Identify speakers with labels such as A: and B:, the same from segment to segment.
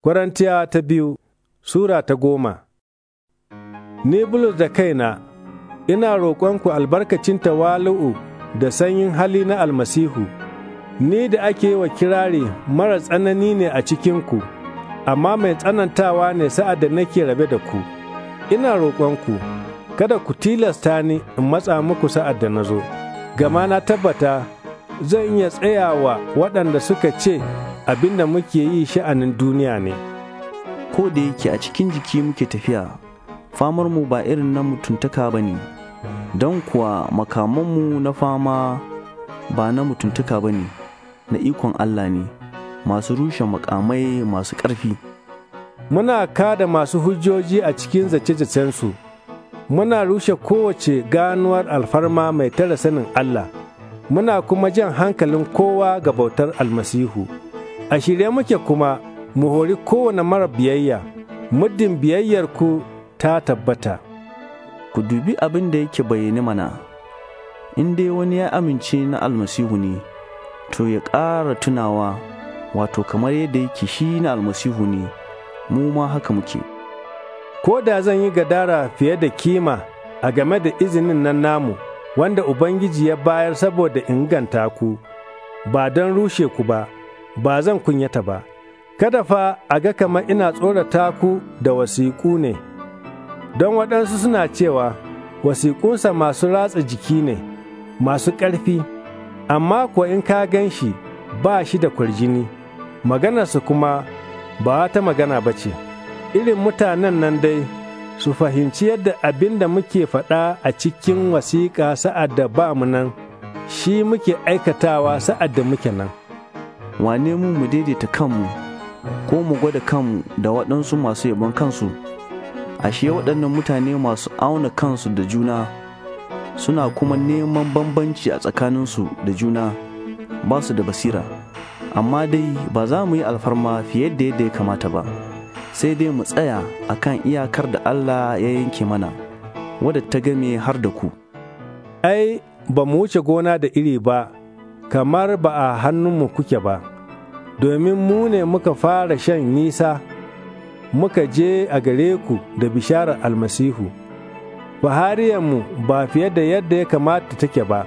A: Korintiya ta biyu Sura ta goma Ni Bulus da kaina, ina roƙonku albarkacin tawalu'u da sanyin hali na almasihu, ni da ake wa kirari mara tsanani ne a cikinku, amma mai tsanantawa ne sa'ad da nake rabe da ku. Ina roƙonku, kada ku tilasta ni in matsa muku sa'ad da na zo, gama na tabbata zan iya tsayawa waɗanda suka ce abin da muke yi sha'anin
B: duniya ne ko da yake a cikin jiki muke tafiya famar mu ba irin na mutuntaka ba ne don kuwa makamanmu na fama ba na mutuntaka ba ne na ikon Allah ne masu rushe makamai masu ƙarfi muna kada masu hujjoji a cikin zace-zacensu
A: muna rushe kowace ganuwar alfarma mai tara sanin Allah, muna kuma jan hankalin kowa ga bautar almasihu. a shirye muke kuma mu
B: hori kowane mara biyayya muddin biyayyarku ta tabbata ku dubi abin da yake bayyane mana in dai wani ya amince na almasihu ne to ya ƙara tunawa wato kamar yadda yake shi na almasihu ne mu ma haka muke ko da zan yi gadara fiye da
A: kima a game da izinin nan namu wanda ubangiji ya bayar saboda inganta ku ba don rushe ku ba ba zan kunyata ba, kada fa a ga kamar ina tsorata ku da wasiƙu ne, don waɗansu suna cewa wasiƙunsa masu ratsa jiki ne, masu ƙarfi, amma kuwa in ka gan shi ba shi da kwarjini, maganarsa kuma ba ta magana ba ce, irin mutanen nan dai su fahimci yadda abin da muke faɗa a cikin wasiƙa sa'ad da ba mu nan, shi muke aikatawa sa'ad da muke nan.
B: wane mu mu daidaita kanmu ko mu gwada kanmu da waɗansu masu yabon kansu ashe waɗannan mutane masu auna kansu da juna suna kuma neman bambanci a tsakaninsu da juna ba su da basira amma dai ba za mu yi alfarma fiye da yadda ya kamata ba sai dai mu tsaya a kan iyakar da Allah ya yanke mana wadda ta game har da ku ai ba mu wuce gona da iri ba
A: kamar ba a hannunmu kuke ba, domin mu ne muka fara shan nisa, muka je a gare ku da bishara almasihu. Fahariyanmu ba fiye da yadda ya kamata take ba,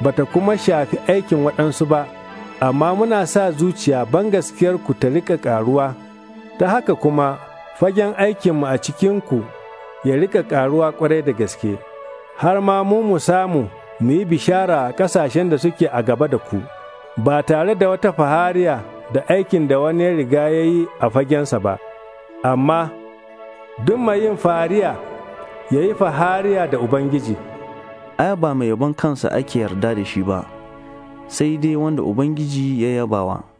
A: ba ta kuma shafi aikin waɗansu ba, amma muna sa zuciya ban gaskiyarku ta riƙa ƙaruwa, ta haka kuma fagen aikinmu a cikinku ya riƙa ƙaruwa ƙwarai da gaske, har ma mu samu mu yi bishara a ƙasashen da suke a gaba da ku, ba tare da wata fahariya da aikin da wani riga ya yi a fagensa ba, amma duk mai yin fahariya
B: ya yi fahariya da Ubangiji. Ai, ba mai yabon kansa ake yarda da shi ba, sai dai wanda Ubangiji ya yabawa.